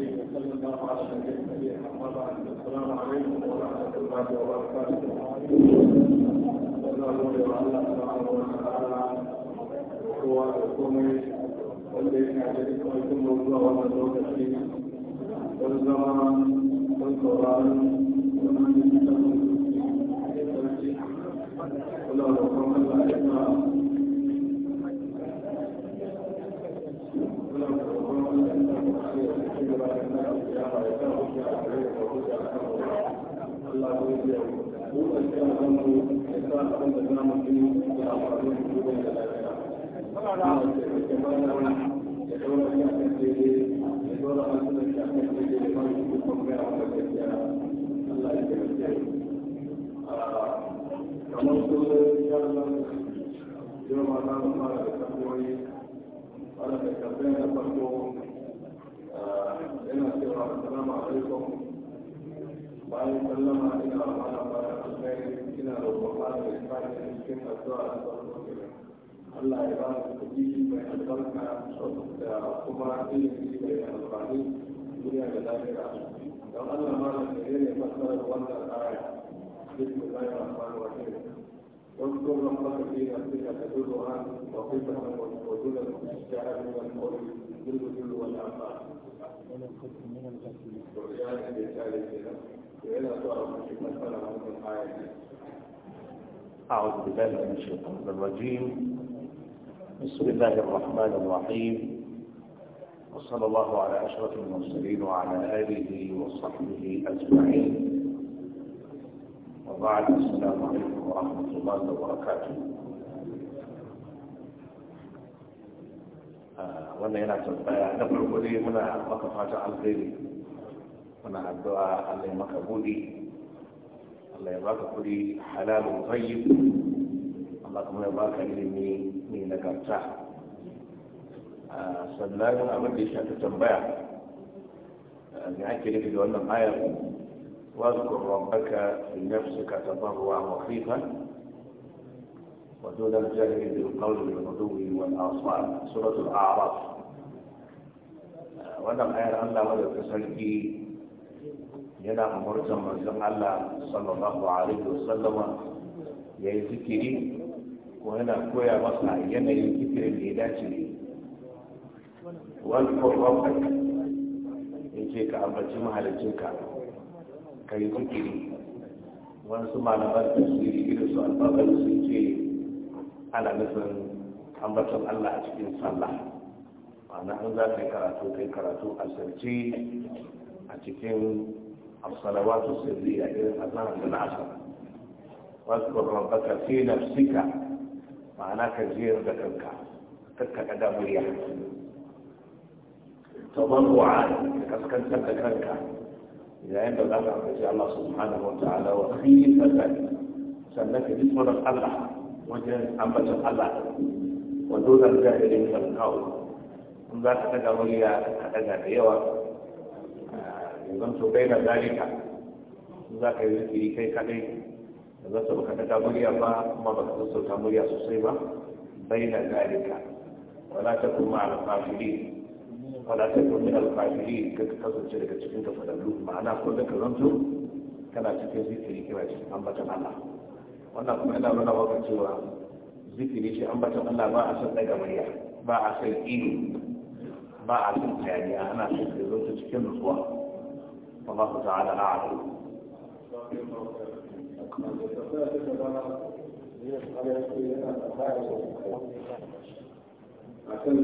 الحكيم وصلى الله على نبينا محمد السلام عليكم ورحمه الله وبركاته Allah ya Yo mandaba para el campo y para yana cewa assalamu alaikum bayan sallama ina amana bayan alkhairi ina roƙon Allah ya fara da cikin addu'a da sauran Allah ya ba su kuɗi mai albarka da kuma ilimi mai amfani duniya da lafiya don Allah malam da yake fassara wannan aya بسم أعوذ بالله من الشيطان الرجيم بسم الله الرحمن الرحيم وصلى الله على أشرف المرسلين وعلى آله وصحبه أجمعين وبعد السلام عليكم ورحمة الله وبركاته Ah, wannan yana tambaya na farko dai muna maka fatan alheri muna addu'a Allah ya maka gudi Allah ya baka kudi halalun tayyib Allah kuma ya baka ilimi mai nagarta ah, sannan abin da ya shafi tambaya ne ah, ake nufi da wannan ayar واذكر ربك في نفسك تضرعا وخيفا ودون الجاهل بالقول والغدو والآصال سورة الأعراف wannan ayar Allah madaukakin sarki yana umurtar manzon Allah sallallahu alaihi wasallama ya yi zikiri ko yana koya masa yanayin zikirin da ya dace ne wani kurban ya ce ka ambaci mahalicinka ka yi zikiri wasu malaman tasiri irin su albabar sun ce ana nufin ambaton Allah a cikin sallah ma'ana an za ka yi karatu kai karatu a sarci a cikin asalawatu sirri a irin azahar da na'asar wasu rabbaka fi nafsika ma'ana ka jiyar da kanka kakka kada murya tabarru'a ka kaskantar da kanka yayin da za ka ambaci Allah subhanahu wa ta'ala wa khifatan sannan ka ji tsoron Allah wajen ambatan Allah wa dole da jahirin kalkawo in za ka daga murya ka daga da yawa yanzu eh, to bai da zalika in za ka yi zikiri kai kadai da za su ka daga murya ba kuma ba ka sassauta murya sosai ba bai da zalika wala ta kuma alfafiri wala ta kuma alfafiri ka kasance daga cikin gafalallu ma'ana ko da ka zanto kana cikin zikiri kira cikin ambatan Allah wannan kuma yana nuna maka cewa zikiri shi an bata Allah ba a san daga murya ba a san ido ba a san tsayaniya ana san da zo cikin nutsuwa wallahu ta'ala a'lam akan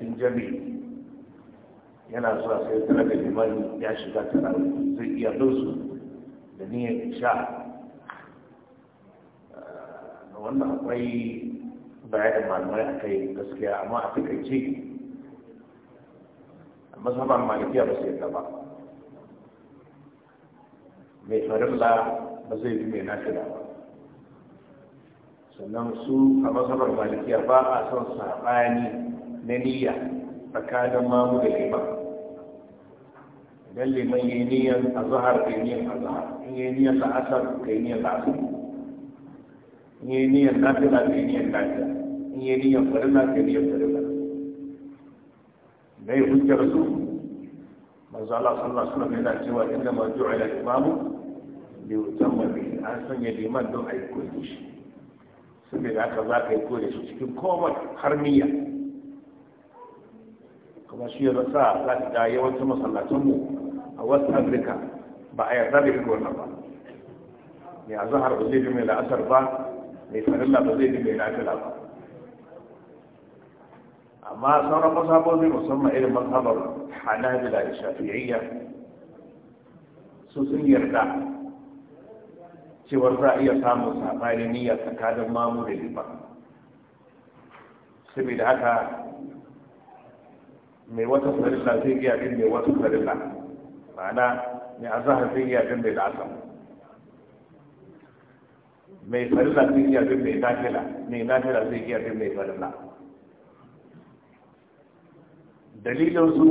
cikin jami yana zuwa sai tana da liman ya shiga tarawih zai iya dosu da niyyar sha na ah, wannan akwai bayanin malamai a kai gaskiya amma a takaice mazhaban malikiya ba sai ba mai farilla ba zai fi mai nafila ba sannan su a masarar malikiya ba a son saɓani na niyya tsakanin mamu da liman idan liman yi niyyar a zahar kai niyyar a zahar in yi niyan da asar kai niyyar da asar in yi niyyar nafila kai niyyar nafila in yi niyyar farila kai niyyar farila da ya hujjar su manzo Allah sallallahu alaihi wasallam yana cewa inna ma ju'ila imamu li yutamma bihi an sanya liman don ayi koyi shi saboda haka za ka yi koyi shi cikin komai har niyya kuma shi ya rasa za ta ga yawancin masallacinmu a west africa ba a yarda da irin wannan ba mai azahar ba zai ji mai la'asar ba mai farilla ba zai ji mai la'asar ba amma sauran masabobi musamman irin mazhabar hanabila da shafi'iyya su sun yarda cewar za a iya samun saɓanin niyya tsakanin mamu da liman saboda haka mai wata farilla zai iya bin mai wata farilla ma'ana mai azahar zai iya bin mai la'asar mai farilla zai iya bin mai nafila mai nafila zai iya bin mai farilla dalilin su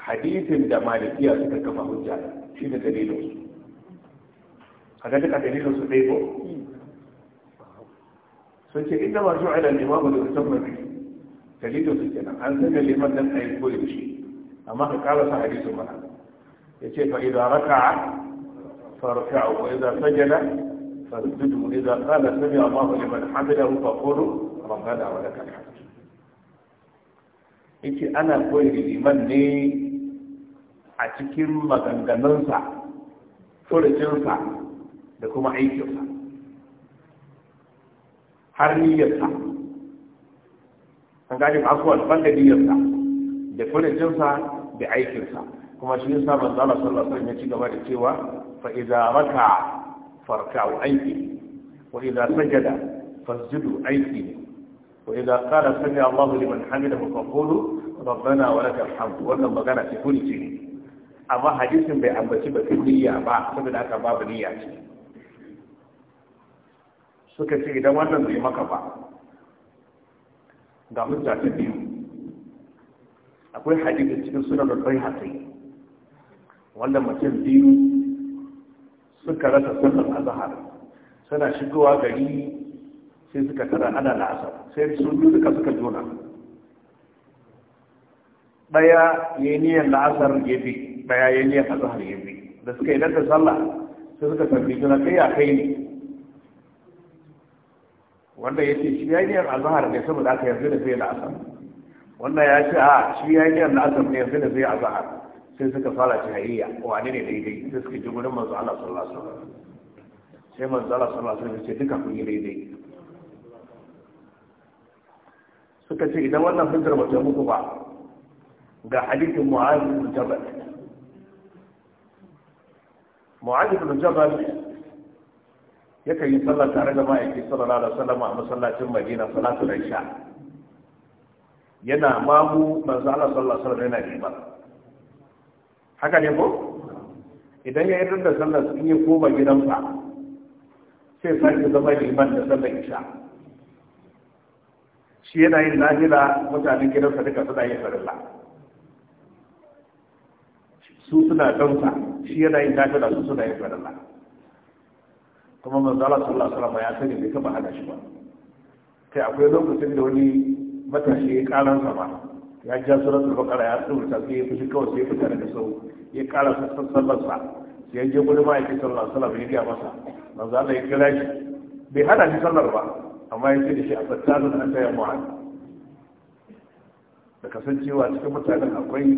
hadisin da malikiya suka kafa hujja shi ne dalilin su kaga duka dalilin su ɗaya ko sun ce inda ma shu'ala al-imamu da musamman dalilin su kenan an saka liman dan ayi koyi da shi amma ka kala sa hadisin mana yace fa idza raka'a farka'u wa idza sajada fasjudu idza qala sami Allahu liman hamidahu fa qulu rabbana wa lakal hamd yace ana koyi da liman ne a cikin maganganunsa furucinsa da kuma aikinsa har niyyarsa an gane aswad ban da niyyarsa da furucinsa da aikinsa kuma shi yasa manzo Allah sallallahu alaihi wasallam ya ci gaba da cewa fa idza raka farka'u aiki wa idza sajada fasjudu aiki wa idza qala sami Allahu liman hamidahu qulu rabbana wa lakal hamd wannan magana ce furuci amma hadisin bai ambaci ba kulliya ba saboda haka babu niyya ce suka ce idan wannan bai maka ba ga hujja ta biyu akwai hadisi cikin sunan bai hatsai wanda mutum biyu suka rasa sunan azhar suna shigowa gari sai suka tara ana la'asar sai su biyu suka suka jona daya ya yi niyyar la'asar ya bi daya ya yi niyyar azhar ya bi da suka yi da sallah sai suka tambayi juna kai ya kai ne wanda ya ce shi ya yi al'zahar ne saboda aka yanzu da zai la'asar Wannan ya ce a shi ya yi la'asar ne yanzu da zai azhar sai suka fara jahiliya wa ne daidai sai suka ji gurin manzo Allah sallallahu alaihi wasallam sai manzo Allah sallallahu alaihi wasallam ya ce duka kun yi daidai suka ce idan wannan hujjar ba ta muku ba ga hadithin mu'adh bin jabal mu'adh bin jabal yakan yi sallah tare da ma'aiki sallallahu alaihi wasallam a masallacin Madina salatu isha yana mamu manzo Allah sallallahu alaihi wasallam yana liman haka ne ko idan ya yarda da sallar sun yi koma gidansa sai sake zama liman da sallar isha shi yana yin lahira mutanen gidansa duka suna yin farilla su suna ɗansa shi yana yin lahira su suna yin farilla kuma manzala su Allah wasallam ya sani bai taba hana shi ba kai akwai lokacin da wani matashi ya karansa ba ya ja suratul baqara ya tsurta sai ya fushi kawai sai ya fita daga sau ya kara sassan sallarsa sai ya je ma ma'aikin sallallahu alaihi wasallam ya gaya masa manzo Allah ya kira shi bai hana shi sallar ba amma ya ce da shi a fattalun an taya mu'ad da kasancewa cikin mutanen akwai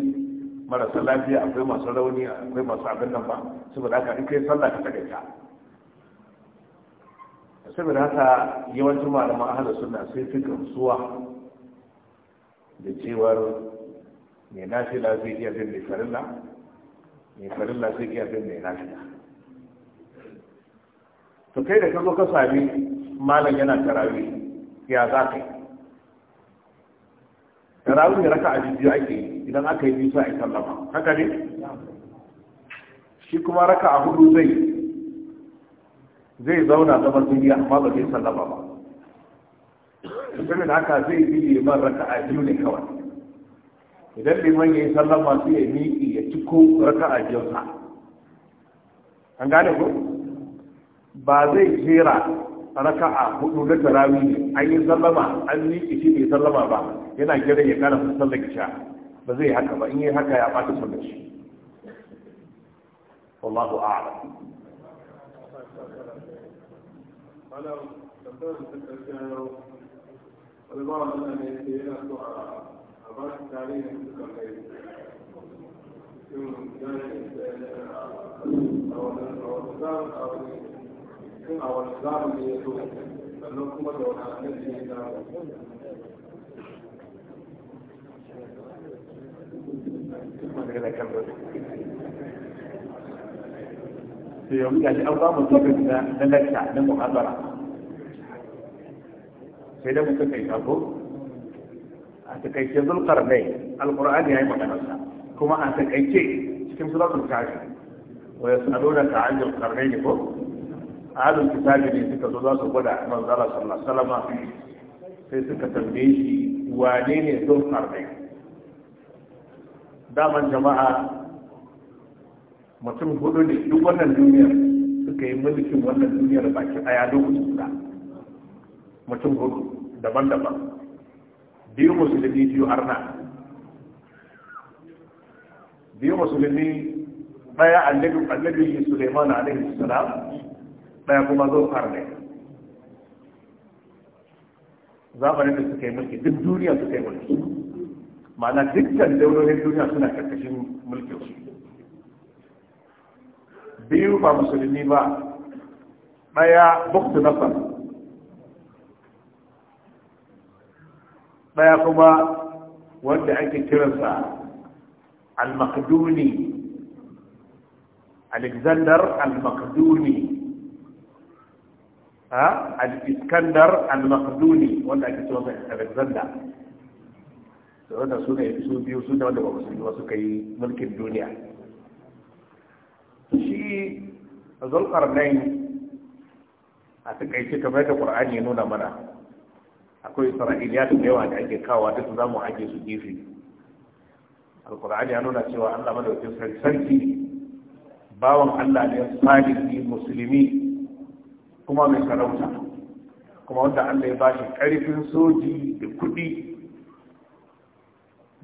marasa lafiya akwai masu rauni akwai masu abin nan ba saboda haka in kai sallah ka takaita saboda haka yawancin malaman ahalar suna sai fi gamsuwa da cewar mai nafila zai iya bin mai farilla mai farilla zai iya bin mai nafila to kai da kazo ka sami malam yana tarawi ya za ka yi tarawi ne raka biyu ake yi idan aka yi biyu a kallama haka ne shi kuma raka a hudu zai yi zai zauna zama duniya amma ba zai sallama ba mutumin haka zai bi liman raka a biyu ne kawai idan liman ya yi sallama su ya miƙi ya ciko raka a biyunsa an gane ko ba zai jera raka a hudu na tarawi ne an yi sallama an miƙi shi bai sallama ba yana gyara ya kana sallar kisha. ba zai haka ba in yi haka ya ɓata sallar shi a'lam Kalau contoh sekerja Kalau mana ni dia tu abang cari yang tu kalau itu jadi awal awal zaman awal ini awal zaman ni tu kalau cuma doa ni dia dah. Terima kasih. to yanzu gashi an ba mu lokaci na na lakta na muhabara sai da muka kai sabo a takaice zulkarnai alqur'ani ya yi sa kuma a takaice cikin suratul kafir wa ya yas'alunaka 'anil qarnayn ko ahlul kitabi ne suka zo za su gwada manzala sallallahu alaihi wasallam sai suka tambaye shi wane ne zulkarnai daman jama'a mutum hudu ne duk wannan duniyar suka yi mulkin wannan duniyar baki daya lokaci guda mutum hudu daban-daban biyu musulmi biyu arna biyu musulmi daya annabi annabi Sulaiman alaihi salam daya kuma zo arna zamanin da suka yi mulki duk duniya suka yi mulki ma'ana dukkan daularin duniya suna karkashin mulkin su بيو ما مسلمي ما ما يا بخت نفر ما يا كما وانت عندك كرسا المقدوني الكسندر المقدوني ها الاسكندر المقدوني وانت عندك كرسا الكسندر سؤال سؤال سؤال سؤال سؤال سؤال سؤال سؤال سؤال سؤال سؤال shi zulkarnain a takaice kamar da qur'ani ya nuna mana akwai isra'iliya da yawa da ake kawo duk za mu ake su gefe alqur'ani ya nuna cewa Allah madaukakin sarki bawan Allah ne salihi musulmi kuma mai sarauta kuma wanda Allah ya bashi karfin soji da kuɗi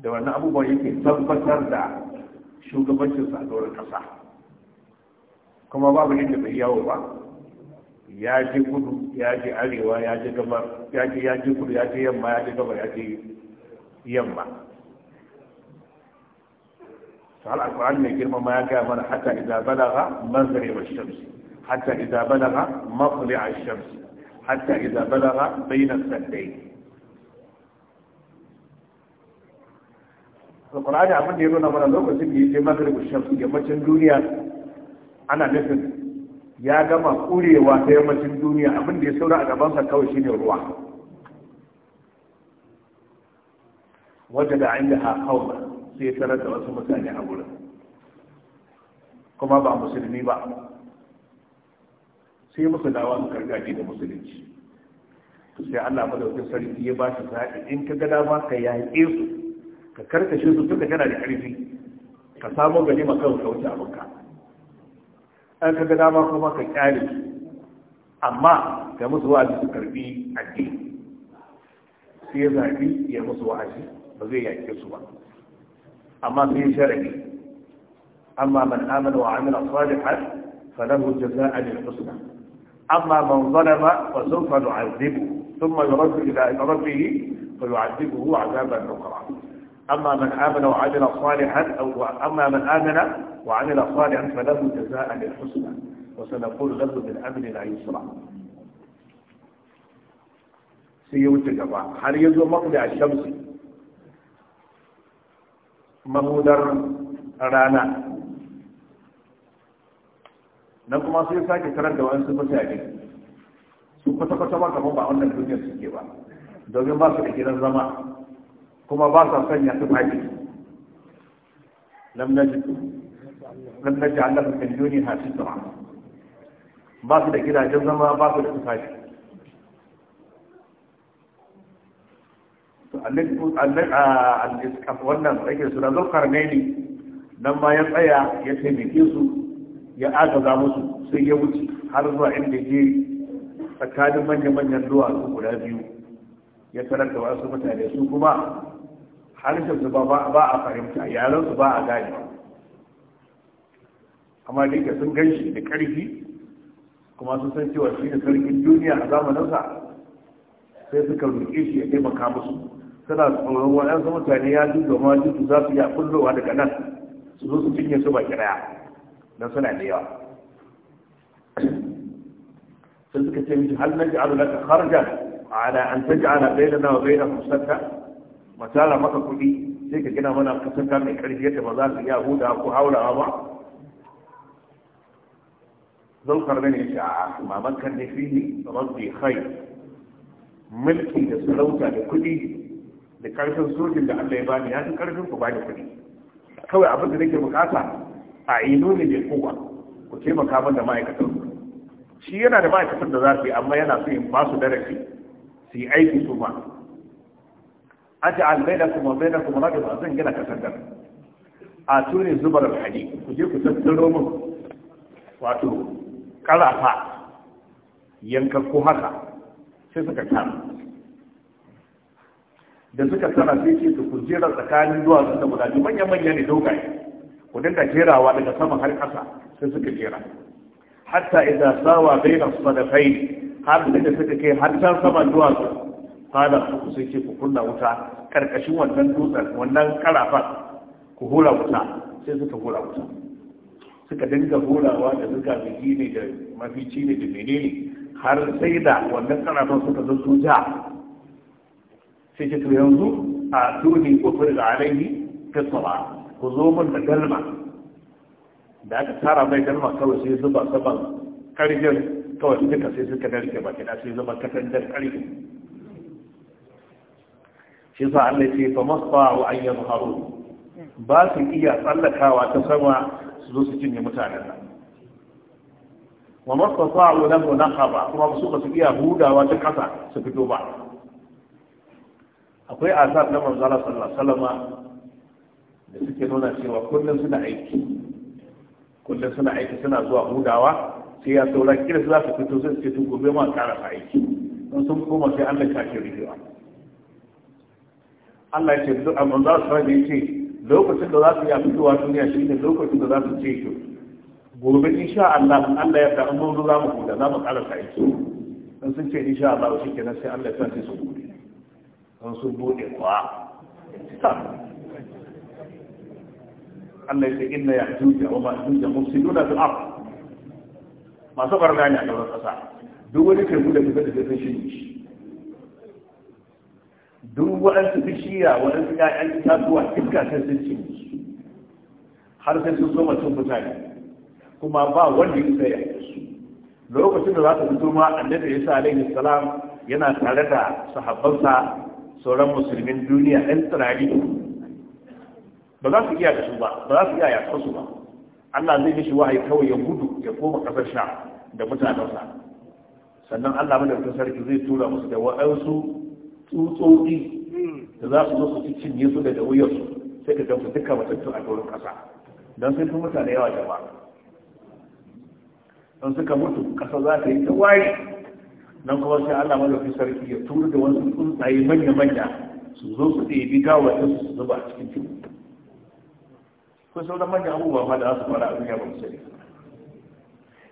da wannan abubuwan yake tabbatar da shugabancinsa a doron ƙasa kuma babu yadda bai yawo ba ya je kudu ya je arewa ya je gabar ya je ya je kudu ya je yamma ya je gabar ya je yamma sahal alquran mai girma ma ya gaya mana hatta idza balagha maghrib ash-shams hatta idza balagha matli' ash-shams hatta idza balagha bayna as-saddayn alqur'ani abin da ya nuna mana lokacin da ya je maghrib ash-shams yammacin duniya ana nufin ya gama kurewa ta yammacin duniya abin da ya saura a gabansa kawai shine ruwa wadda da inda ha kawai sai ya tarar da wasu mutane a wurin kuma ba musulmi ba sai musu dawa su gargaji da musulunci sai allah madaukin sarki ya ba shi zaɓi in ka ga dama ka yaƙe su ka karkashe su tun da kana da ƙarfi ka samo gani ma kawai kauce abinka an ka ga dama kuma ka kyale amma ga musu wa'azi su karbi addini sai ya zaɓi ya musu wa'azi ba zai yake su ba amma sai sharadi amma man amana wa amila salihan falahu jazaa'an husna amma man zalama fa sawfa nu'adhibuhu thumma yuraddu ila rabbih fa yu'adhibuhu 'adaban nuqra أما من آمن وعمل صالحا أو أما من آمن وعمل صالحا فله جزاء الحسنى وسنقول له بالامن لا يسرى. سيوت جماعة هل يزول مطلع الشمس؟ مهودر رانا لكم أصير ساكي ترد وأنسى مساكي سوف تقصبك مبعون الدنيا سكيبا دوغي مصر كده زمان kuma ba sa sanya tufafi lam najid lam naj'al lahum min duniha sitra ba su da gidajen zama ba su da tufafi ah, wannan rage su na zurkar ne nan ma ya tsaya ya taimake su ya agaza musu sai ya wuce har zuwa inda je tsakanin manya-manyan duwatsu guda biyu ya tarar da wasu mutane su kuma su ba a fahimta su ba a gane amma duka sun gan shi da karfi kuma sun san cewa shi da sarkin duniya a zamaninsa sai suka roƙe shi ya taimaka musu suna tsoron waɗansu mutane ya ji ma jitu za su iya kullowa daga nan su zo su cinye su baki ɗaya don suna da yawa sai suka ce mishi hal na ji abu laka harjan ala an ta bai da bayyana wa da musakka matala maka kuɗi sai ka gina mana kasanta mai ƙarfi yadda ba za su iya huda ko haurawa ba zan karbe ne a maman kan ne fi rabbi kai mulki da sarauta da kuɗi da karfin sojin da Allah ya bani ya fi karfin ku bani kuɗi kawai abin da nake bukata a inu ne mai kowa ku taimaka min da ma'aikatan shi yana da ma'aikatan da za su yi amma yana so in ba su darasi su yi aiki su ma albaina kuma bainakum kuma bainakum rajula zan gina katangar a tuni zubar alhadi ku je ku tattaro mun wato karafa yanka ko haka sai suka tara da suka tara sai ce ku jera tsakanin duwatsu da guda manya-manya ne dogaye ku dinga jerawa daga sama har ƙasa sai suka jera hatta idan sawa baina sadafai har da suka kai har can sama duwatsun fada ku sai ce ku kunna wuta karkashin wannan dutsen wannan karafan ku hura wuta sai suka hura wuta suka dinga hurawa da suka bigi ne da mafici ne da menene har sai da wannan karafan suka zo ja sai ce to yanzu a duni kufur da alaihi kasara ku zo mun da galma da aka tara mai galma kawai sai zuba saban karfin kawai duka sai suka narke baki da sai zuba katangar karfi shi sa Allah ce fa masfa'u an yadhharu ba su iya tsallakawa ta sama su zo su cinye mutanen nan wa masfa'u lam naqaba kuma su ba su iya hudawa ta kasa su fito ba akwai azab na manzo Allah sallallahu alaihi wasallama da suke nuna cewa kullum suna aiki kullum suna aiki suna zuwa hudawa sai ya saurari kira za su fito sai su ce gobe ma kara aiki don sun koma sai Allah ka ke rikewa Allah ya ce duk amma za su rage ce lokacin da za su yi fitowa duniya shi ne lokacin da za su ce shi gobe insha Allah Allah ya da amma za mu huda za mu kara sa yi. dan sun ce insha Allah shi kenan sai Allah ya sa su bude dan sun bude kuwa Allah ya ce ya ya'juj wa ma'juj mufsiduna fil ard masu barna ne a gaban kasa duk wani kai da kuka da kai sun shi duk waɗansu bishiya waɗansu ƴaƴan itatuwa iska ta sun ci har sai sun zo mutum mutane kuma ba wanda ya tsaya lokacin da za ta fito ma annabi isa alaihi salam yana tare da sahabbansa sauran musulmin duniya ɗan tsirari ba za su iya da su ba ba za su iya yaƙar su ba Allah zai mishi wahayi kawai ya gudu ya koma ƙasar sha da mutanensa sannan Allah madaukakin sarki zai tura musu da wa'ansu tsutsotsi hmm. da za su zo su ci cinye su da wuyarsu sai ka gamsu dukkan matattu a doron ƙasa don sun fi mutane yawa da ba don suka mutu ƙasa za ta yi ta waye nan kuma sai Allah malafi sarki ya tura da wasu tsuntsaye manya-manya su zo su ɗebi gawatin su zuba a cikin teku ko sauran manyan abubuwa ma da za su fara a duniya ba mu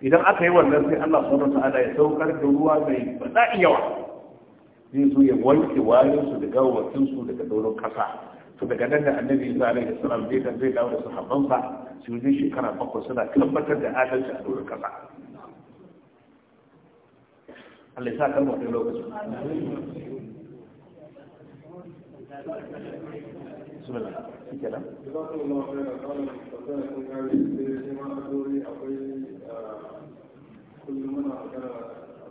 idan aka yi wannan sai Allah subhanahu wa ta'ala ya saukar da ruwa mai bala'i yawa zai zo ya wanke wayansu da gawawakinsu daga doron kasa to daga nan da annabi isa alaihi salam zai dan zai dawo da sahabbansa su yi shekara bakwai suna tabbatar da adalci a doron kasa Allah ya sa kan wani lokaci bismillah shike nan kullum muna magana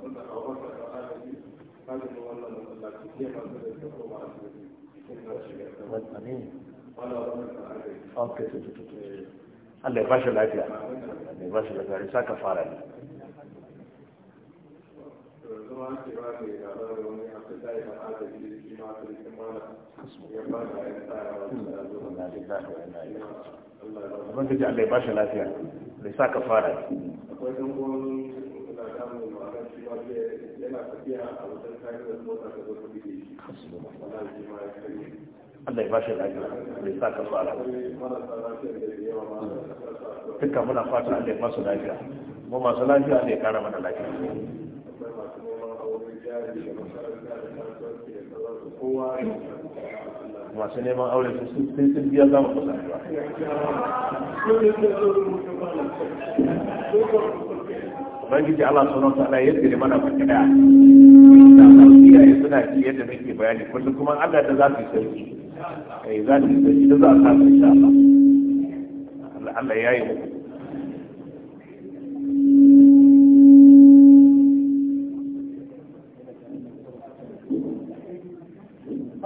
abin da Allah ya ba shi lafiya, Allah ya ba shi lafiya, ya saka fara ne. Abin da ji Allah ya ba shi lafiya, ya saka fara ne. Akwai ɗan gwamnati da ta mu ba yana tafiya a wajen kayan mota da zo kudi da shi wallahi shi ma ya kare Allah ya bashi lafiya bai sa ka fara dukkan muna fata Allah ya masu lafiya mu masu lafiya Allah ya kara mana lafiya masu neman aure su sun biya za ubangiji Allah sunan ta Allah yadda mana baki daya da ya suna ji yadda nake bayani kullum kuma Allah da za su sauki eh za su sauki da za insha Allah Allah ya yi muku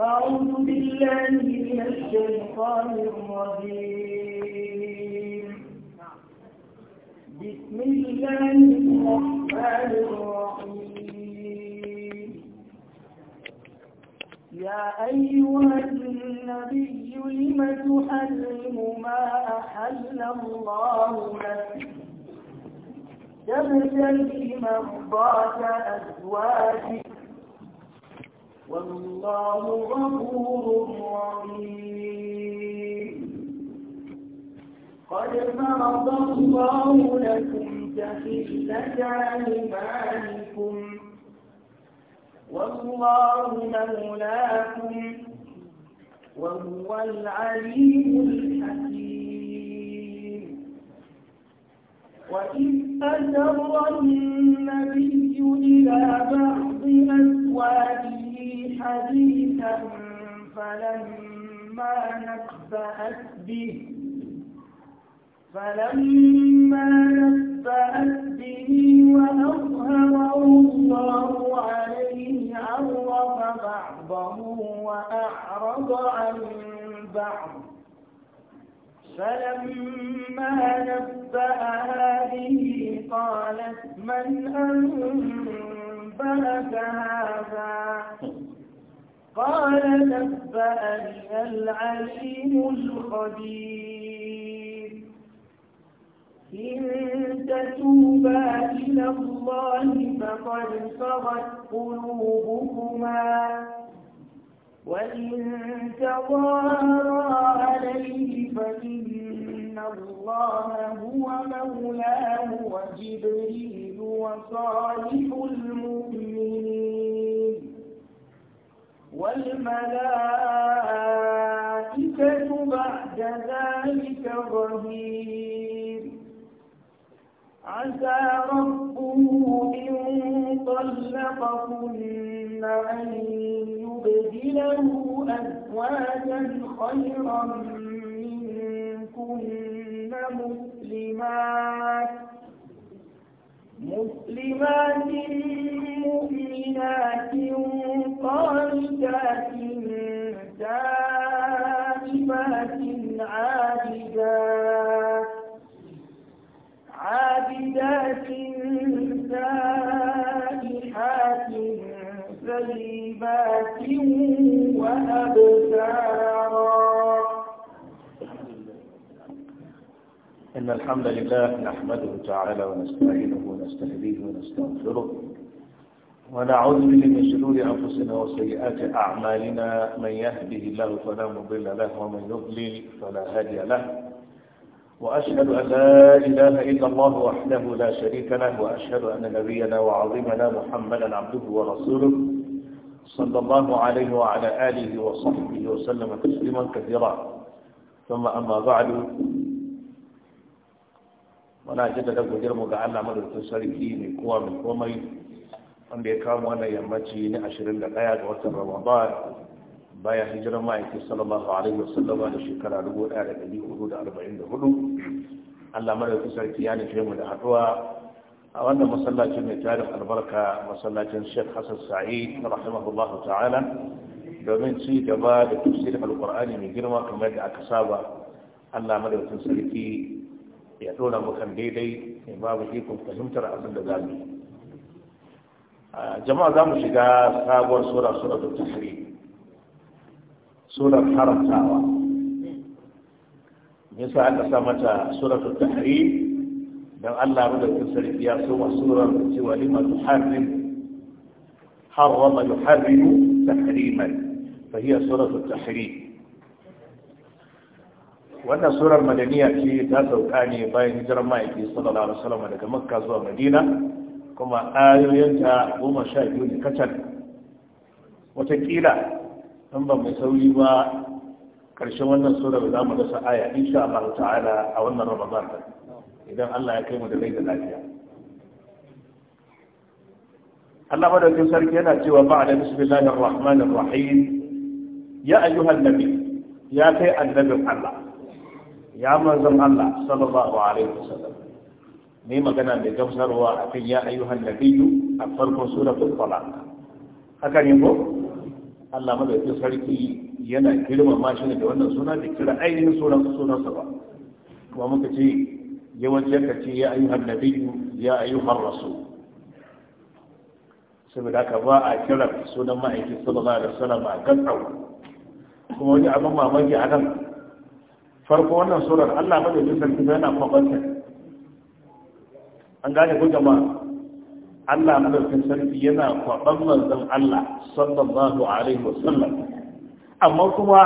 أعوذ بالله من الشيطان الرجيم بسم الله الرحمن الرحيم يا أيها النبي لم تحرم ما أحل الله لك تبتغي مرضات أزواجك والله غفور رحيم قد فرض الله لكم تحلة أيمانكم والله مولاكم وهو العليم الحكيم وإذ أسر النبي إلى بعض أزواجه حديثا فلما نبأت به فلما نبأت به وأظهره الله عليه عرف بعضه وأعرض عن بعض فلما نبأها به قالت من أنبأك هذا قال نبأني العليم الخبير إن تتوبا إلى الله فقد صغت قلوبكما وإن تظاهرا عليه فإن الله هو مولاه وجبريل وصالح المؤمنين والملائكة بعد ذلك ظهير عسى ربه إن طلقكن أن يبدله أزواجا خيرا منكن مسلمات مسلمات مؤمنات قانتات تائبات عابدات عابدات سائحات سليمات وأبتارا إن الحمد لله نحمده تعالى ونستعينه ونستهديه ونستغفره ونعوذ به من شرور أنفسنا وسيئات أعمالنا من يهده الله فلا مضل له ومن يضلل فلا هادي له وأشهد أن لا إله إلا الله وحده لا شريك له وأشهد أن نبينا وعظيمنا محمدا عبده ورسوله صلى الله عليه وعلى آله وصحبه وسلم تسليما كثيرا ثم أما بعد ولا جد لك وجرم وقعنا عمل التسريكي من قوى من قومي wanda ya kama wannan yammaci na 21 ga bayan hijirar ma'aikin sallallahu alaihi wasallam da shekara hudu. Allah madaukakin sarki ya nufe mu da haduwa a wannan masallacin mai tarin albarka masallacin Sheikh Hassan Sa'id rahimahullahu ta'ala domin ci gaba da tafsirin alkur'ani mai girma kamar da aka saba Allah madaukakin sarki ya dora mu kan daidai mai babu mu ikon fahimtar abin da za mu jama'a za mu shiga sabuwar sura sura ta tahrim surar haramtawa nisa aka sa mata suratul tahrim don Allah madaukin sarki ya so surar da cewa lima tuharrim harrama yuharrimu tahriman fa hiya suratul tahrim wannan surar madaniya ce ta sauka ne bayan hijirar ma'aiki sallallahu alaihi wasallam daga makka zuwa madina kuma ayoyinta goma sha biyu ne kacal watakila in ba mai sauri ba ƙarshen wannan sura ba za mu rasa aya insha Allah ta'ala a wannan Ramadan idan Allah ya kai mu da rai da lafiya Allah madaukin sarki yana cewa ba'da bismillahir rahmanir rahim ya ayyuhan nabi ya kai annabin Allah ya manzon Allah sallallahu alaihi wasallam ne magana mai gamsarwa akan ya ayyuhan nabiyyu a farkon suratul talaq haka ne ko Allah madaukakin sarki yana girma mashin da wannan suna da kira ainihin sunan sunansa ba kuma muka ce yawanci yaka ce ya ayyuhan nabiyyu ya ayyuhan rasul saboda ka ba a kira sunan ma'aikin sallallahu alaihi wasallam a gatsau kuma wani abin mamaki a nan farko wannan surar Allah madaukakin sarki yana kwabanta an gane ko jama'a Allah na madaukin sarki yana kwaɓar manzon Allah sallallahu alaihi wasallam amma kuma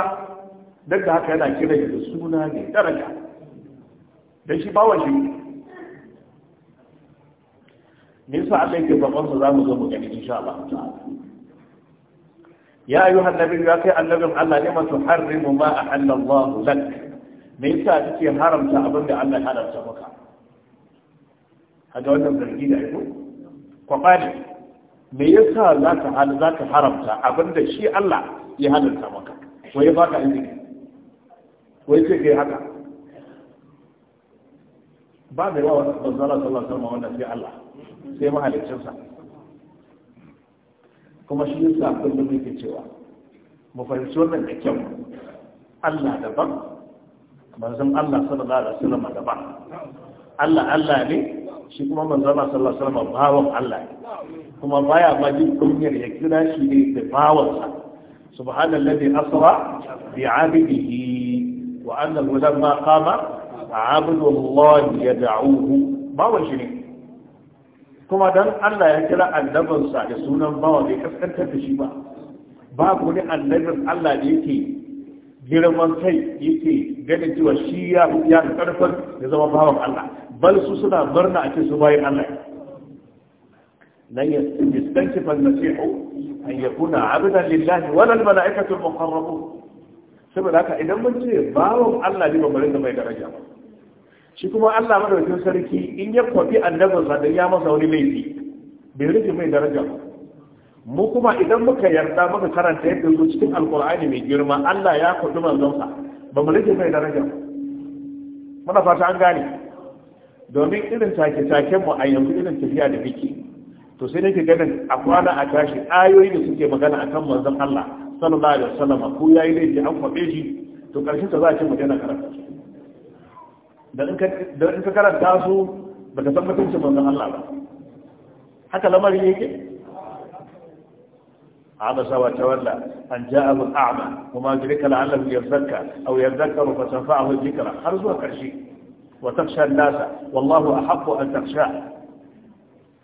duk da haka yana kira da suna mai daraja dan shi bawa shi me sa Allah yake kwaɓar sa zamu zo mu gani insha Allah ya ayyuhan nabi ya kai annabin Allah ne masu harrimu ma a Allah lak me yasa kike haramta abin da Allah ya haramta maka hada wannan zargi da aiko kwaɓani me yasa za ka hal za ka haramta abinda shi Allah ya halatta maka wai ya baka izini wai sai kai haka ba da yawa manzara sallallahu alaihi wasallam wanda sai Allah sai sa? kuma shi ya yasa kullum yake cewa mu fahimci wannan da kyau Allah daban manzon Allah sallallahu alaihi wasallam daban Allah Allah ne shi kuma manzo Allah sallallahu alaihi wasallam bawan Allah kuma baya ma jin kunyar ya kira shi ne da bawansa subhanallazi asra bi 'abdihi wa anna lamma qama 'abdu Allah yad'uhu bawan shi ne kuma dan Allah ya kira annabinsa da sunan bawa bai kaskantar da shi ba Ba ku ne annabin Allah da yake girman kai yake ganin cewa shi ya ya karfin ya zama bawan Allah bal su suna murna a su bayan Allah lan yastankifa al-masih an yakuna abdan lillah wala al-mala'ikatu al-muqarrabun saboda haka idan mun ce bawon Allah ne ba mu rinka mai daraja ba shi kuma Allah madaukakin sarki in ya kwafi sa dan ya masa wani laifi bai rufe mai daraja ba mu kuma idan muka yarda muka karanta yadda zuwa cikin alkur'ani mai girma Allah ya kwafi manzonsa ba mu rufe mai daraja ba muna fata an gane domin irin take-taken mu a yanzu irin tafiya da muke to sai nake ganin a kwana a tashi ayoyi da suke magana akan manzon Allah sallallahu alaihi wasallam ko yayi laifi an kwabe shi to karshen ta za a ce magana daina karanta da in ka ka karanta su ka san mutuncin manzon Allah ba haka lamarin yake عبس تولى أن جاءه الأعمى وما أدرك لعله يذكر أو يذكر فتنفعه الذكرى خرجوا كرشي wa taksha nasa wallahu ahaqqu an taksha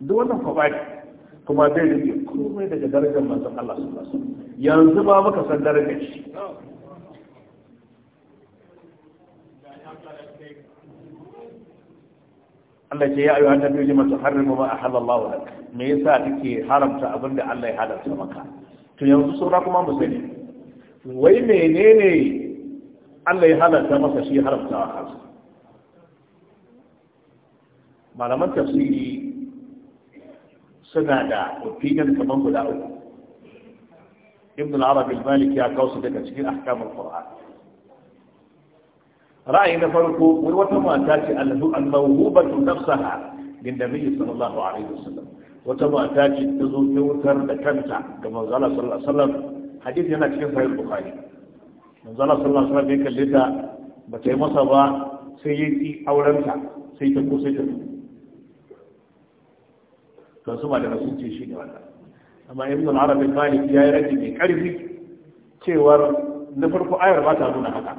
duk wannan kwabaki kuma bai rage komai daga darajar manzon Allah sallallahu alaihi wasallam yanzu ba muka san darajar shi Allah ce ya ayu annabi lima tuharrimu ma ahalla Allah lak me yasa kake haramta abinda Allah ya halarta maka to yanzu saura kuma mu sani wai menene Allah ya halarta masa shi haramta a kansa malaman tafsiri suna da opinion kamar guda uku ibn al-arab al-malik ya kawo daga cikin ahkamul qur'an ra'ayi na farko wani wata mata ce al-mawhubatu nafsaha bin nabiyyi sallallahu alaihi wasallam wata mata ce ta zo ta wutar da kanta ga manzo Allah sallallahu alaihi wasallam hadisi yana cikin sahih bukhari manzo Allah sallallahu alaihi wasallam ya kalle ta ba ta yi masa ba sai yi aurenta sai ta kusa ta don su malamai sun ce shi ne wannan amma ibn al-arabi malik ya yi raji mai karfi cewar na farko ayar ba ta nuna haka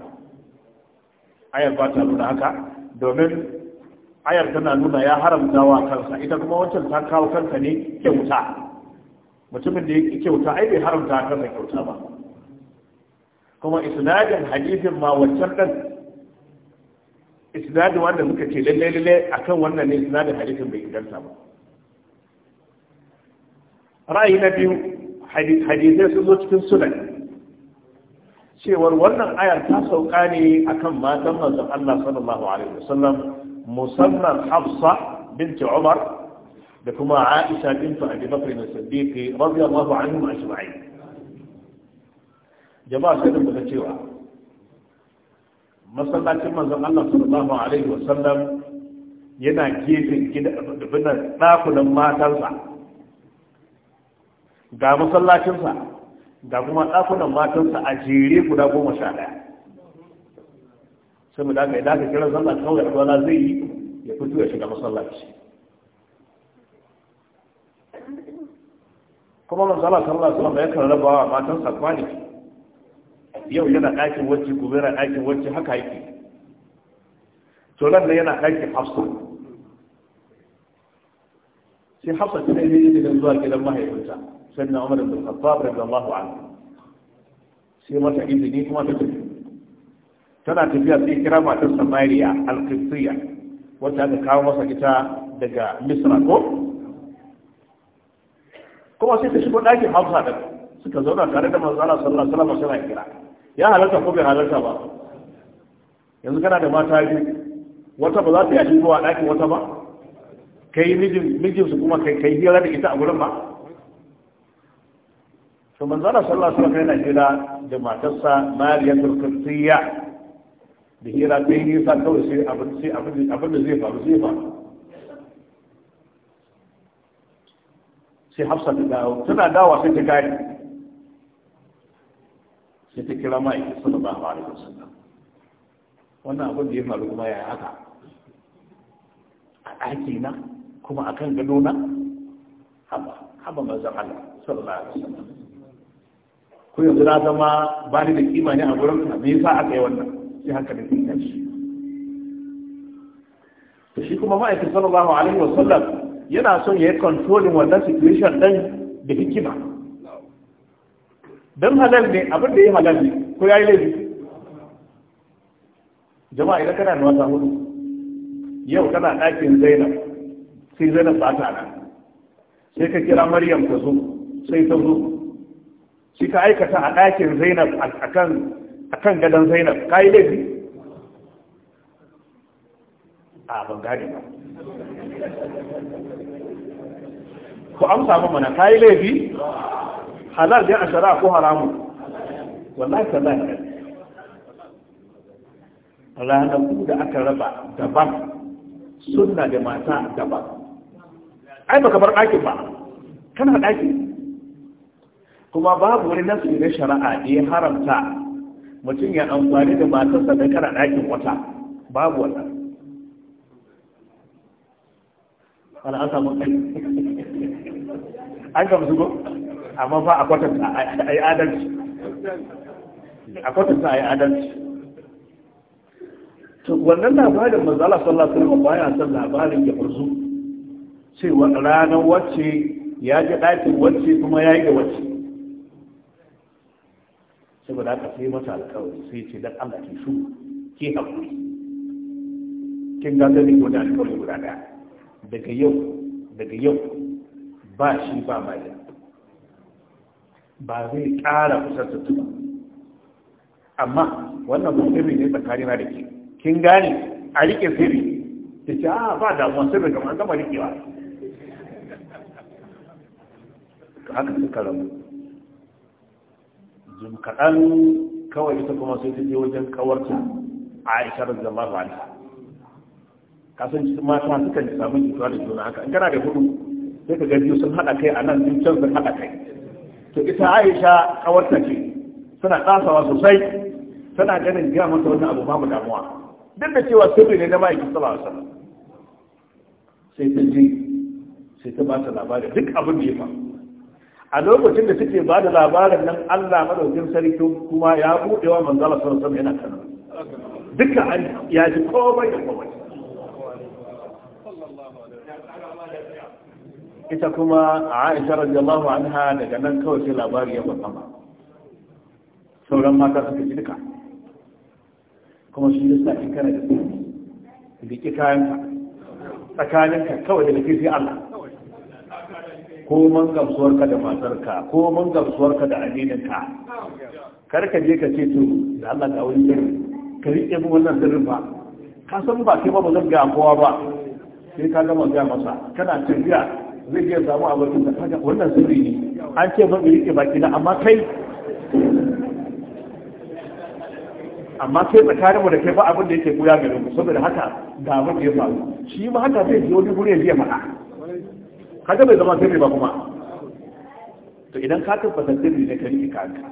ayar ba ta nuna haka domin ayar tana nuna ya haramta wa kansa ita kuma wancan ta kawo kanka ne kyauta mutumin da ya kyauta ai bai haramta kansa kyauta ba kuma isnadin hadisin ma wancan dan isnadin wanda suka ce lalle lalle akan wannan ne isnadin hadisin bai inganta ba ra'ayi na biyu hadisai sun zo cikin sunan cewar wannan ayar ta sauka ne a kan matan manzon Allah sallallahu alaihi wasallam musamman Hafsa binti Umar da kuma Aisha Binta, binti Abi Bakr as-Siddiq radiyallahu anhum ajma'in jama'a sai da cewa masallacin manzon Allah sallallahu alaihi wasallam yana gefen gida da binan ɗakunan matansa ga masallacinsa ga kuma ɗakunan matansa a jere guda goma sha ɗaya sai mu daga idan ka kira sallah kawai wala zai yi ya fito ya shiga masallaci kuma manzo zama sallallahu alaihi wasallam ya kan raba wa matansa kwanaki yau yana ɗakin wacce gobe yana ɗakin wacce haka yake to nan yana ɗakin hafsa sai hafsa ta ne ne da zuwa gidan mahaifinta سيدنا عمر بن الخطاب رضي الله sai mata izini kuma tana tafiya sai kira matar samariya al-qibtiyya aka kawo masa ita daga misra kuma sai ta shigo ɗakin hafsa da suka zauna tare da manzo Allah sallallahu alaihi wasallam kira ya halarta ko bai halarta ba yanzu kana da mata biyu wata ba za ta yi shigo a ɗakin wata ba kai mijin mijin su kuma kai kai hira da ita a gurin ba ثم ذرا صلى الله عليه وسلم هنا جدا جماعة قصة مالية القبطية بهيرة بيني فتوسي أبو نسي أبو نزيفة أبو نزيفة سي حفصة تداو تنا داوة ستة كاي ستة كلامي صلى الله عليه وسلم وانا أبو نزيفة لكم يا عطا أعجينا كما أكن قدونا حبا حبا ما زال صلى الله عليه وسلم ko yanzu na zama ba ni da kima ne a gurin ka me yasa aka yi wannan sai haka ne kin kashi to shi kuma ma'aikin sallallahu alaihi wa sallam yana son ya yi controlling wannan situation din da hikima dan halal ne abin da ya halal ne ko yayi laifi jama'a idan kana nuna samu yau kana ɗakin zainab sai zainab ba ta nan sai ka kira maryam ta zo sai ta zo shi ka aikata a ɗakin zainab a kan gadon zainab ka yi laifi a ban gane ba ku amsa ba mana ka yi laifi halal din a shara ko haramun wallahi ka zai ranaku da aka raba daban suna da mata daban ai baka bar ɗakin ba kana ɗakin kuma babu wani nasu na shari'a da ya haramta mutum ya amfani da matarsa da kana ɗakin wata babu wata wani an samu kai an gamsu go amma fa a kwatanta a yi adalci a kwatanta a yi adalci to wannan labarin mazala sallah alaihi wasallam baya san labarin ya farzu. cewa ranar wacce ya ji ɗakin wacce kuma ya yi da wacce saboda aka sai masa alkawari sai ce dan Allah ke su ke hakuri kin ga gani ko da alkawari guda daya daga yau daga yau ba shi ba mai ba zai ƙara ta ba amma wannan ba ne tsakanina da ke kin gane a rike sirri ta ce a ah, ba damuwa sirri kamar gama rikewa haka suka ramu zum kaɗan kawai ita kuma sai ta je wajen kawarta aisha radiyallahu anha kasan mata sukan samu jituwa da juna haka in kana da hudu sai ka gaji sun haɗa kai a nan sun can sun haɗa kai to ita aisha kawarta ce suna kasawa sosai tana ganin gaya masa wani abu babu damuwa duk da cewa sirri ne na ma'aikin sallallahu alaihi wasallam sai ta je sai ta ba ta labarin duk abin da ya faru a lokacin da suke ba da labarin nan Allah madaukin sarki kuma ya buɗe wa manzala sallallahu alaihi wasallam yana kana duka an ya ji komai da komai ita kuma a Aisha radiyallahu anha daga nan kawai sai labari ya bambama sauran mata suka ji duka kuma shi yasa in kana da riƙi kayanka tsakaninka kawai da kai sai Allah ko man gamsuwarka da matarka ko man gamsuwarka da amininka karka je ka ce to da Allah ga wani sirri ka riƙe mu wannan sirrin ba ka san ba kai ba ba zan ga kowa ba sai ka gama ga masa kana tafiya zai je samu abokin da kaga wannan sirri ne an ce ban riƙe baki na amma kai amma sai tsakanin mu da kai ba abin da yake goya gare mu saboda haka ga abin da ya faru shi ma haka zai je wani gure ya faɗa kaga bai zama sirri ba kuma to idan ka tabbata sirri ne ka riƙe kanka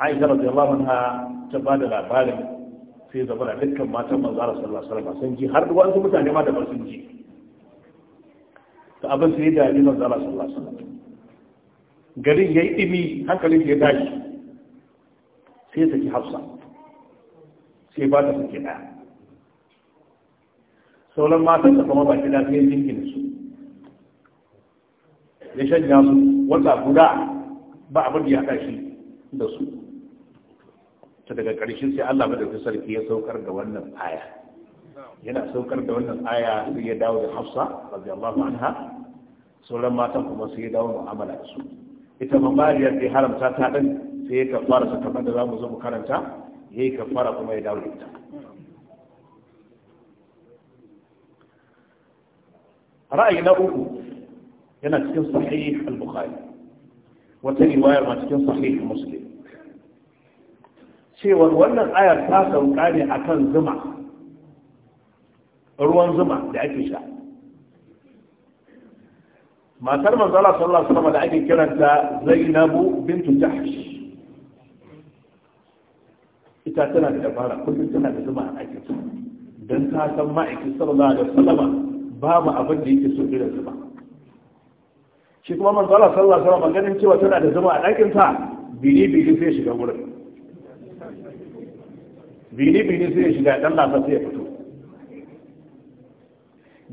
Aisha radiyallahu anha ta ba da labarin sai zama da dukkan matan manzo Allah sallallahu alaihi wasallam sun ji har duk wasu mutane ma da ba sun ji to abin sai da ni manzo Allah sallallahu alaihi wasallam garin yayi dimi hankalin ya tashi sai ta ki Hafsa sai ba ta suke daya sauran matan da kuma baki da sai jinkin su ya shanya su wata guda ba abin da ya kashi da su ta daga ƙarshen sai Allah madaukakin sarki ya saukar da wannan aya yana saukar da wannan aya sai ya dawo da Hafsa radiyallahu anha sauran matan kuma sai ya dawo mu'amala da su ita mamariyar da ya haramta ta din sai ya kafara su kamar da zamu zo mu karanta yayi kafara kuma ya dawo da ita رأيناه هنا تكون صحيح البخاري وتاني واير ما تكون صحيح مسلم شيء وانا آية تاسة وكاني أكن زمع روان زمع لعيك شاء ما ترمى صلى الله عليه وسلم لعيك كرنت زينب بنت جحش إذا تنا بالعبارة كل سنة بزمع عيك دنتا سمع عيك صلى الله عليه وسلم babu abin da yake so irin zuma shi kuma manzo Allah sallallahu alaihi wasallam ganin cewa tana da zuma a dakin sa bini bini sai shiga gurin bini bini sai shiga dan lasa sai ya fito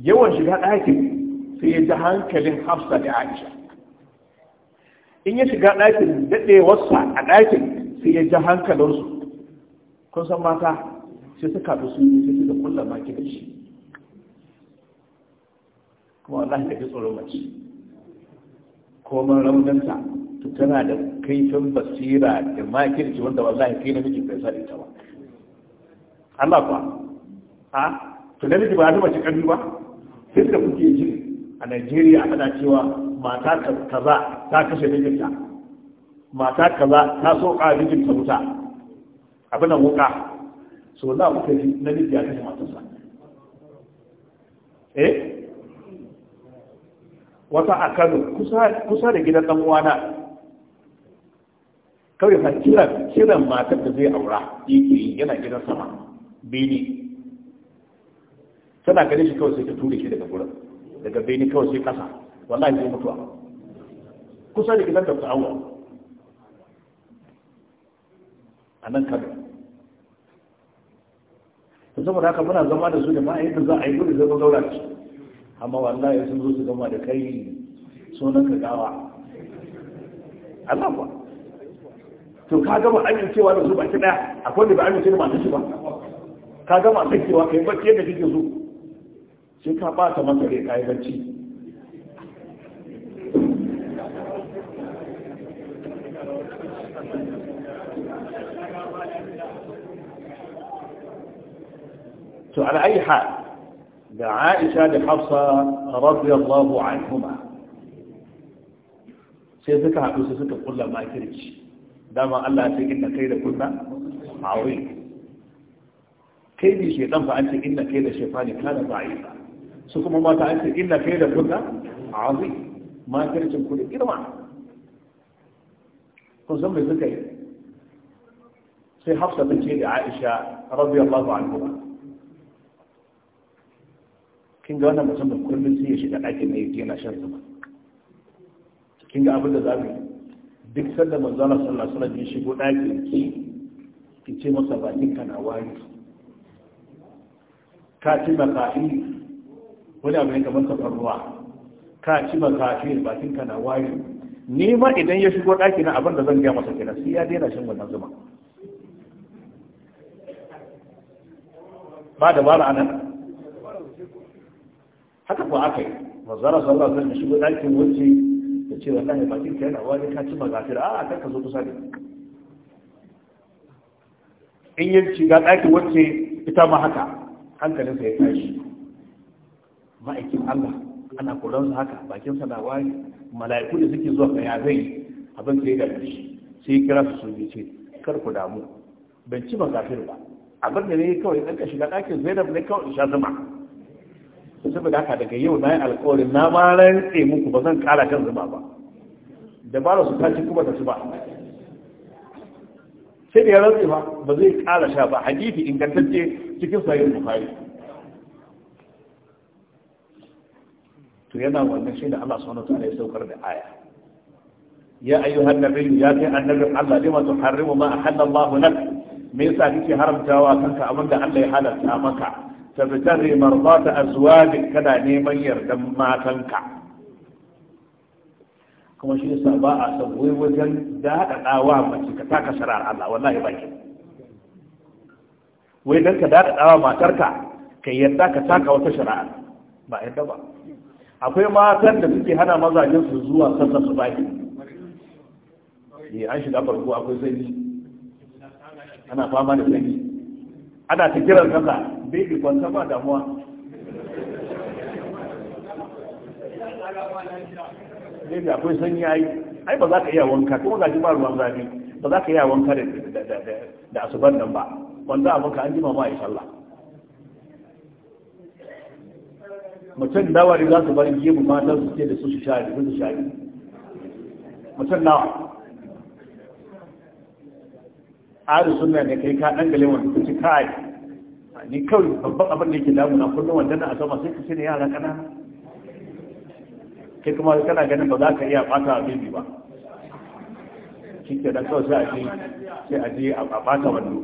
yawan shiga ɗakin sai ya ji hankalin Hafsa da Aisha in ya shiga ɗakin wasa a ɗakin sai ya ji hankalinsu kun san mata sai suka fi su sai suka kulla maki da shi kuma Allah ka ji tsoron mace komai raunanta to tana da kaifin basira da makirci wanda wallahi kai namiji bai sa ita ba Allah kuwa ha to namiji ba ta mace kalli ba sai da kuke ji a Najeriya ana cewa mata kaza ta kashe mijinta mata kaza ta soka mijinta wuta abin nan wuka so na kuka ji namiji ya kashe matarsa eh wata a kano kusa da gidan ɗan uwana kawai fa kiran kiran matar da zai aura yake yi yana gidan sama bene tana ganin shi kawai sai ta tura shi daga gurin daga bene kawai sai kasa wallahi zai mutuwa kusa da gidan da ta aura a nan kano saboda haka muna zama da su da yadda za a yi gudu zai zaura da su amma wallahi sun zo su gama da kai sunan ka gawa Allah ba to ka gama amincewa da su ba ki daya akwai da ba amince da masu shi ba ka gama sakewa kai bacci yadda kike so sai ka bata masa da kai bacci to ala ayi hal da aisha da hafsa radiyallahu anhuma sai suka haɗu su suka kulla makirci dama Allah ya ce inna kai da kunna awi kai ne shedan fa an ce inna kai da shefani kana da'ifa su kuma mata an ce inna kai da kunna awi makircin girma yi sai hafsa ta ce da aisha radiyallahu anhuma kin ga wannan mutum da kullum sai ya shiga ɗakin ne yana shan zuma kin ga abin da za mu duk sanda manzo Allah sallallahu alaihi wasallam ya shigo ɗakin ki ki ce masa bakin ka na wari ka ci makafi wani abu ne kamar safar ruwa ka ci makafi bakin ka na wari ni ma idan ya shigo ɗakin na abin da zan gaya masa kenan sai ya daina shan wannan zuma ba da bara anan haka ko aka yi mazara sallallahu alaihi wasallam shigo ɗakin wuce da ce wallahi bakin ka yana wani kaci ci magafira a kan ka zo kusa ne in yin shiga ɗakin wuce ita ma haka sa ya tashi ma'aikin Allah ana su haka bakinsa na wani mala'iku da suke zuwa ga ya zai abin yi da shi sai ya kira su su ce kar ku damu ban ci ban ba abin da ne kawai ɗan ka shiga ɗakin zainab ne kawai sha zama su saboda haka daga yau na yi alkawarin na ma rantse muku ba zan kala kan zuba ba da ba su ta ci kuma ta ci ba sai da ya rantse ba ba zai kala sha ba hadisi ingantacce cikin sahih bukari to yana wannan shi da Allah subhanahu wataala ya saukar da aya ya ayyuhan nabiyyu ya kai annabi Allah lima tuharrimu ma ahalla Allah lak me yasa kike haramtawa kanka abinda Allah ya halarta maka tabtaghi mardata azwajik kana neman yardan matanka kuma shi yasa ba a san wai wajen daɗaɗa wa mace ka taka shari'ar Allah wallahi ba ki wai dan ka daɗaɗa wa matarka ka yadda ka taka wata shari'a ba yarda ba akwai matan da suke hana mazajen su zuwa sassa su baki eh an shiga farko akwai sanyi ana fama da sanyi ana ta kiran kasa baby ba damuwa akwai sanyi ba za ka wanka kuma ba za ka wanka da asuban nan ba za su bari gemu matan su ce da su su da su shari mutum nawa ari suna ne kai ka dan gale wanda kai ni kawai babban abin da yake damuna kullum wanda na a sama sai ka shirya yara kanana ke kuma kana ganin ba za ka iya bata a bibi ba shi ke da kawai sai a je a bata wando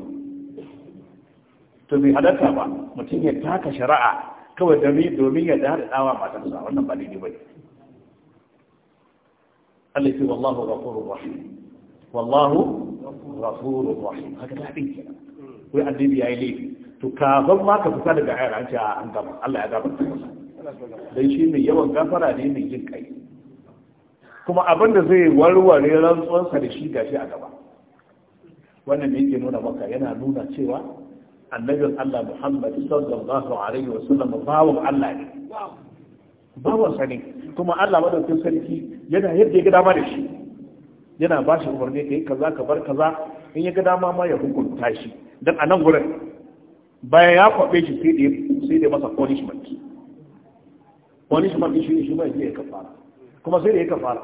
to bai halarta ba mutum ya taka shari'a kawai domin ya da dawa matarsa wannan ba daidai ba Allah ce wallahu ghafurur rahim wallahu ghafurur rahim haka da abin kenan wai ya yi laifi to kafin ma ka fita daga ayar an ce an gama Allah ya gafarta masa dan shi mai yawan gafara ne mai yin kai kuma abin da zai warware rantsuwarsa da shi gashi a gaba wannan ne yake nuna maka yana nuna cewa annabin Allah Muhammad sallallahu alaihi wa sallam bawon Allah ne bawon sa ne kuma Allah madaukakin sarki yana yadda ya ga dama da shi yana ba shi umarni kai kaza ka bar kaza in ya ga dama ma ya hukunta shi dan a nan gurin bayan ya kwaɓe shi sai da sai da masa punishment punishment shi shi mai zai kafara kuma sai da ya kafara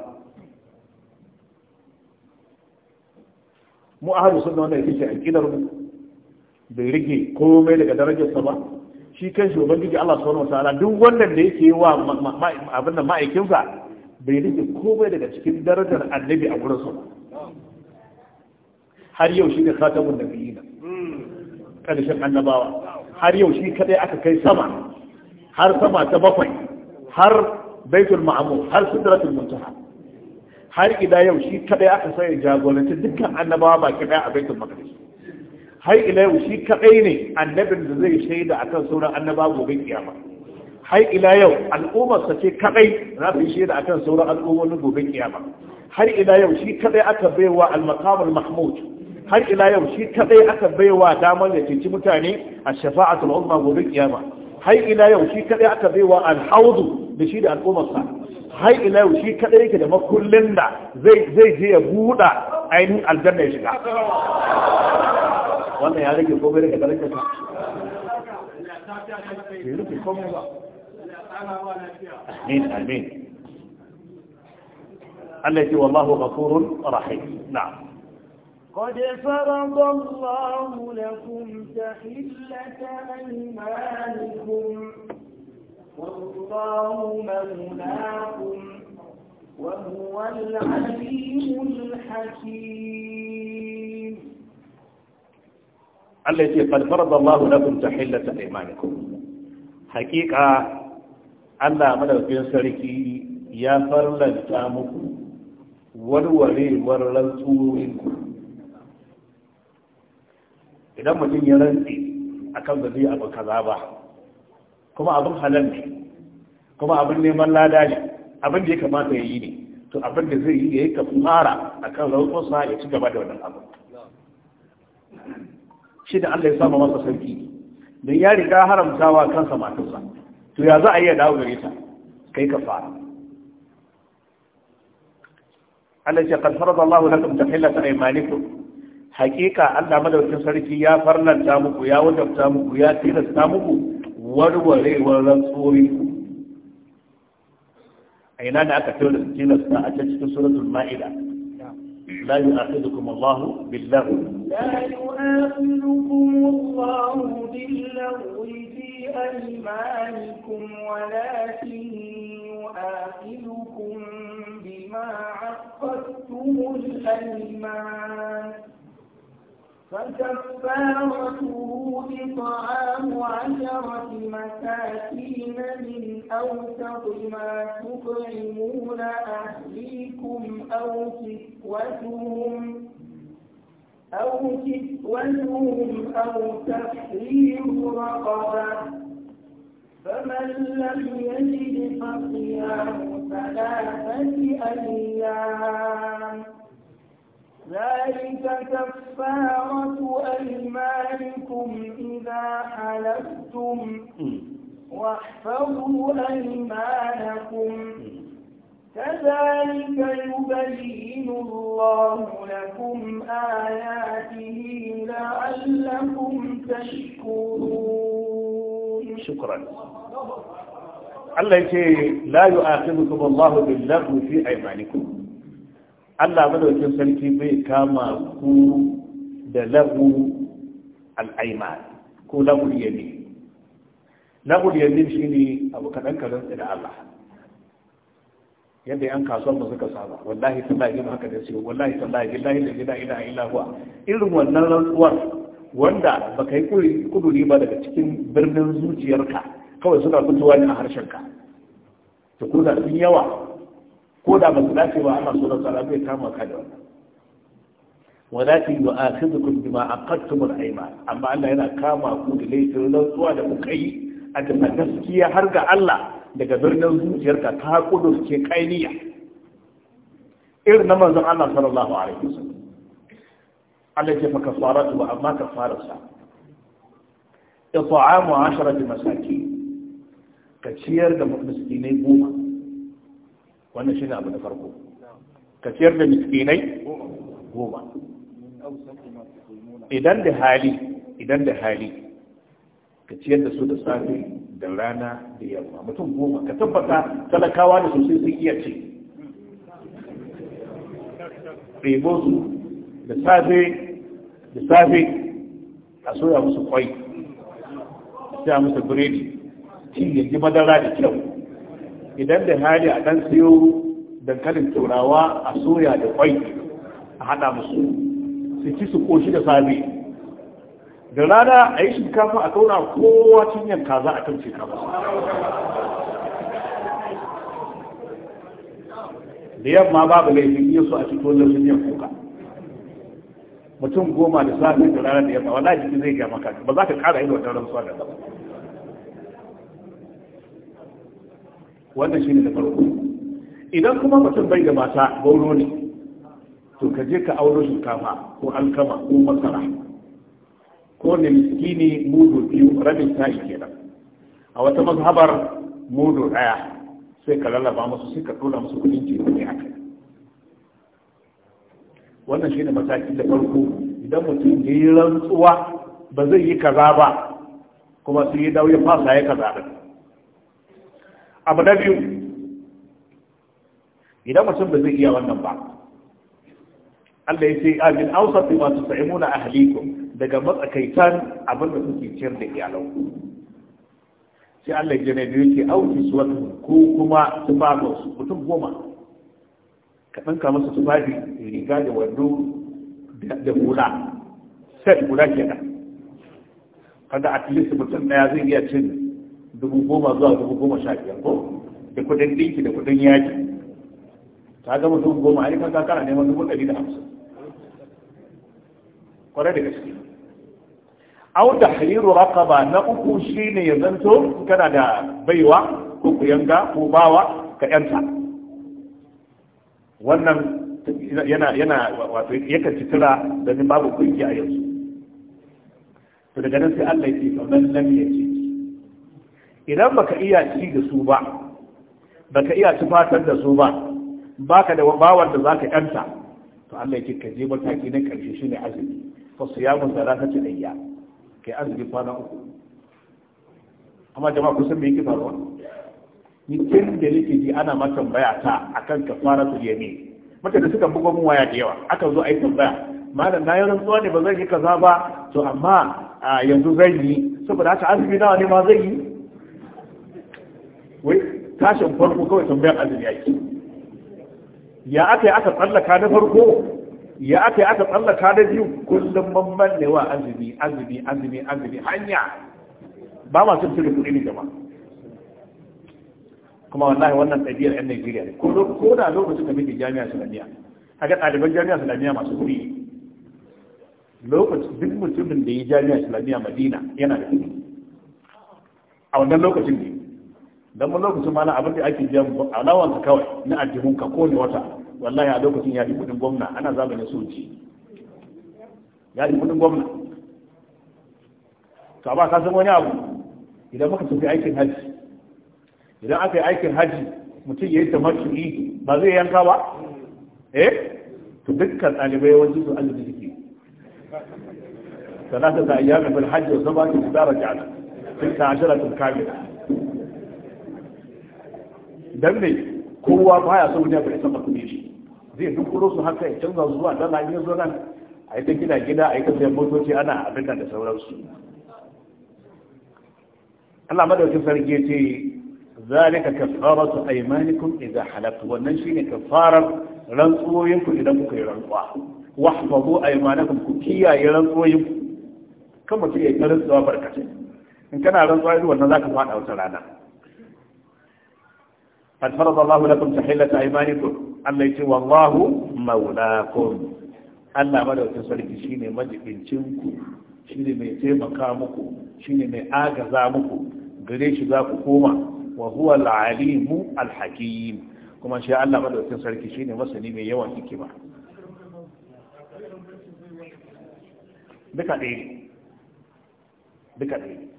mu ahlus sunna wannan yake a kidar mu bai rige komai daga darajar sa ba shi kanshi ubangiji Allah subhanahu wataala duk wannan da yake wa abin da ma'aikinsa bai rike komai daga cikin darajar annabi a gurin sa ba har yau shi ne khatamun nabiyina hmm. ƙarshen annabawa har yau shi kadai aka kai sama har sama ta bakwai har baitul ma'amur har sidratul muntaha har ila yau shi kadai aka sai jagoranci dukkan annabawa ba kadai a baitul maqdis har ila yau shi kadai ne annabin da zai shaida akan sauran annaba gobe kiyama har ila yau al'ummar sa ce kadai za su shaida akan sauran al'ummomin gobe kiyama har ila yau shi kadai aka baiwa al-maqam al-mahmud har ila yau shi kadai aka baiwa damar ya ceci mutane a shafa'atul umma gobe kiyama har ila yau shi kadai aka baiwa alhaudu da shi da al'ummarsa har ila yau shi kadai yake da makullin da zai zai je ya buɗa ainihin aljanna ya shiga wannan ya rage gobe daga darajar ta amin amin Allah ya ce wallahu ghafurur rahim na'am قد فرض الله لكم تحلة أيمانكم والله مولاكم وهو العليم الحكيم التي قد فرض الله لكم تحلة أيمانكم حقيقة Allah madaukakin يا ya farlanta muku warwarewar منكم idan mutum ya rantse a kan zai abu kaza ba kuma abin halal ne kuma abin neman lada ne abin da ya kamata ya yi ne to abin da zai yi ya yi fara a kan rautosa ya ci gaba da wannan abin shi da Allah ya sama masa sarki don ya riga wa kansa matarsa to ya za a iya dawo gare ta kai ka fara. Allah ya ce qad farada Allahu lakum tahillata aymanikum hakika Allah madaukakin sarki ya farlanta muku ya wajabta muku ya tilasta muku warwarewar rantsoyi a ina da aka tilasta a cikin suratul ma'ida لا يؤاخذكم الله باللغو لا يؤاخذكم الله باللغو في أيمانكم ولكن يؤاخذكم بما عقدتم الأيمان فكفارته لطعام عشرة مساكين من أوسط ما تطعمون أهليكم أو كسوتهم أو كسوتهم أو تحرير رقبة فمن لم يجد فصيام ثلاثة أيام ذلك كفارة أيمانكم إذا حلفتم واحفظوا أيمانكم كذلك يبين الله لكم آياته لعلكم تشكرون شكرا الله لا يؤاخذكم الله باللغو في أيمانكم Allah madaukin sarki bai kama ku da lagu al'aiman ko lagu yamin lagu yamin shi ne abu kaɗan kaɗan da Allah yadda yan kasuwan ba suka saba wallahi ta ba haka da su wallahi tallahi billahi da gida ila ila huwa irin wannan rantsuwar wanda baka yi kuduri ba daga cikin birnin zuciyarka kawai suna fitowa ne a harshenka to kuna sun yawa ko da ba su dace ba Allah subhanahu wa ta'ala zai kama ka da wannan wala ta yi wa akhidhukum bima aqadtum al-ayman amma Allah yana kama ku da laifin rantsuwa da kuka yi a ta gaskiya har ga Allah daga birnin zuciyarka ta Kudu ke kainiya irin na manzon Allah sallallahu alaihi wasallam Allah ya fa kafaratu wa amma kafararsa it'amu 10 masakin ka ciyar da miskinai goma wannan shine abu na farko ka ciyar da miskinai goma idan da hali idan da hali ka ciyar da su da safe da rana da yamma mutum goma ka tabbata talakawa da sosai sun iya ce ɗebo su da safe da safe a soya musu kwai a soya musu biredi cin yanzu madara da kyau idan da hali a ɗan siyo dankalin turawa a soya da kwai a haɗa musu su ci su ƙoshi da sabi da rana a yi shinkafa a kauna kowa cinyar kaza a kan shinkafa da yamma babu laifin iya so a cikin wajen sun yin kuka mutum goma da safe da rana da yamma wala jiki zai ga maka ba za ka kara yin ran suwa da ba wannan shine da farko idan kuma mutum bai da mata gauro ne to ka je ka auro shinkafa ko alkama ko masara ko ne miskini mudu biyu rabin sa'i kenan a wata mazhabar mudu daya sai ka lalaba musu sai ka tura musu kudin ce ne haka wannan shine mataki da farko idan mutum ya yi rantsuwa ba zai yi kaza ba kuma sai ya dawo ya fasa ya kaza da abu na biyu idan mutum ba zai iya wannan ba Allah ya ce abin ausati masu tusaimu na ahlikum daga matsakaitan abin da suke ciyar da iyalanku sai Allah ya jane biyu ce auki su wata ko kuma su ba tufafinsu mutum goma ka ɗanka masa tufafi riga da wando da hula sai hula da kada at least mutum ɗaya zai iya cin dubu goma zuwa dubu goma sha biyar ko da kudin dinki da kudin yaji ta gama dubu goma a kan kakara neman dubu ɗari da hamsin kwarai da gaske au da hariru raqaba na uku shine ya zanto kana da baiwa ko kuyanga ko bawa ka yanta wannan yana yana wato yakan ci tira domin babu kungiya a yanzu to daga nan sai Allah ya ce to nan nan ya ce idan baka iya ci da su ba baka iya ci fatan da su ba baka da bawar da zaka kanta to Allah yake kaje mataki na karshe shine azumi fa siyamu salatati ayya kai azumi kwana uku amma jama'a san me yake faruwa ni kin da nake ji ana ma tambaya ta akan kafaratul yamin mata da suka bugo mun waya da yawa aka zo ayi tambaya malam na yi rantsuwa ne ba zan yi kaza ba to amma yanzu zan yi saboda haka azumi nawa ne ma zai yi wai tashin farko kawai tambayar azumi ake ya aka yi aka tsallaka na farko ya aka yi aka tsallaka na biyu kullum mamman ne wa azumi azumi azumi azumi hanya ba ma sun cire kuɗi ne jama kuma wallahi wannan ɗabi'ar 'yan Najeriya ne ko da lokacin da muke jami'a a ga ɗaliban jami'a sulamiya masu kuɗi lokacin duk mutumin da ya jami'a sulamiya Madina yana da kuɗi a wannan lokacin ne dan mun lokacin ma na abin da ake biyan alawan kawai na aljihun ka ko ne wata wallahi a lokacin ya yi kudin gwamna ana ne soji ya yi kudin gwamna to ba ka san wani abu idan muka tafi aikin haji idan aka yi aikin haji mutum ya yi tamattu'i ba zai yanka ba eh to dukkan ɗalibai yawanci su arziki suke sanata ta ayyamin bil hajji wa sabatu daraja tilka asharatul kamila dan ne kowa baya son wani bai san kuɗi shi zai dukkuro su haka ya canza zuwa dala ne zo nan a yi ta gida gida a yi ta sayan motoci ana abin da sauransu Allah madaukin sarki ce zalika kafaratu aymanikum idza halaftu wannan shine kafarar rantsuwoyinku idan kuka yi rantsuwa wahfazu aymanakum ku kiyaye rantsuwoyinku kan mutum ya yi rantsuwa barkatai in kana rantsuwa irin wannan zaka fada wata rana قد فرض الله لكم تحلة أيمانكم الله يتي والله مولاكم الله مدى تسرق شيني مجد انتنكم شيني ميتي مقامكم شيني ميآغ زامكم قريش ذاك كوما وهو العليم الحكيم كما شاء الله مدى تسرق شيني مسلم يوان حكمة بكا ديري بكا ديري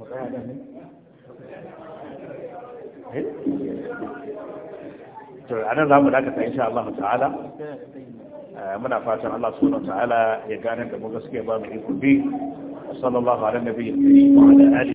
Eh? to anan za mu dakata insha Allah ta'ala eh, muna fatan Allah subhanahu ta'ala ya gane da mu gaskiya ba mu iko bi sallallahu alaihi nabiyyi wa ala